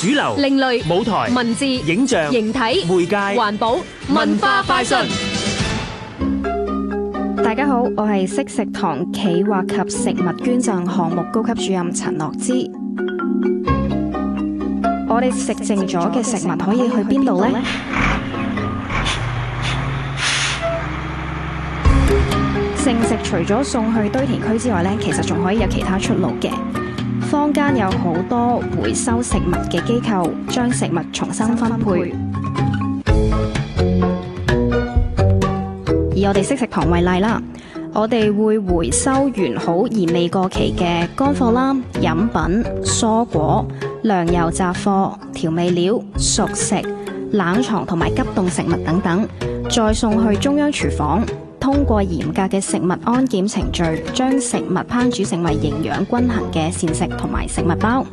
主流、另類舞台、文字、影像、形體、媒介、環保、文化、文化、快訊。大家好，我係識食堂企劃及食物捐贈項目高級主任陳樂之。我哋食剩咗嘅食物可以去邊度呢？剩食、食除咗送去堆填區之外呢，其實仲可以有其他出路嘅。坊間有好多回收食物嘅機構，將食物重新分配。分配以我哋識食堂為例啦，我哋會回收完好而未過期嘅乾貨啦、飲品、蔬果、糧油雜貨、調味料、熟食、冷藏同埋急凍食物等等，再送去中央廚房。通過嚴格嘅食物安檢程序，將食物烹煮成為營養均衡嘅膳食同埋食物包。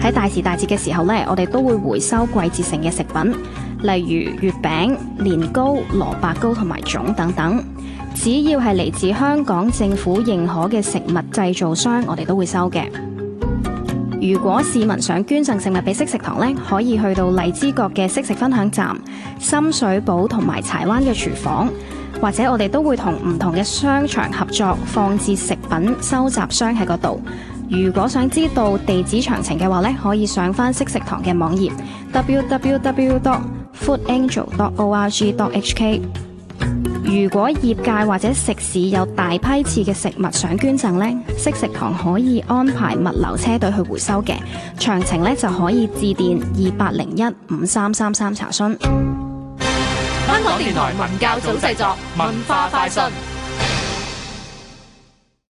喺大時大節嘅時候呢，我哋都會回收季節性嘅食品，例如月餅、年糕、蘿蔔糕同埋粽等等。只要係嚟自香港政府認可嘅食物製造商，我哋都會收嘅。如果市民想捐贈食物俾惜食堂呢，可以去到荔枝角嘅惜食分享站、深水埗同埋柴灣嘅廚房，或者我哋都會同唔同嘅商場合作放置食品收集箱喺嗰度。如果想知道地址詳情嘅話呢，可以上翻惜食堂嘅網頁 www.foodangel.org.hk。Www. 如果業界或者食肆有大批次嘅食物想捐贈呢，惜食堂可以安排物流車隊去回收嘅，詳情呢，就可以致電二八零一五三三三查詢。香港電台文教組製作文化快訊。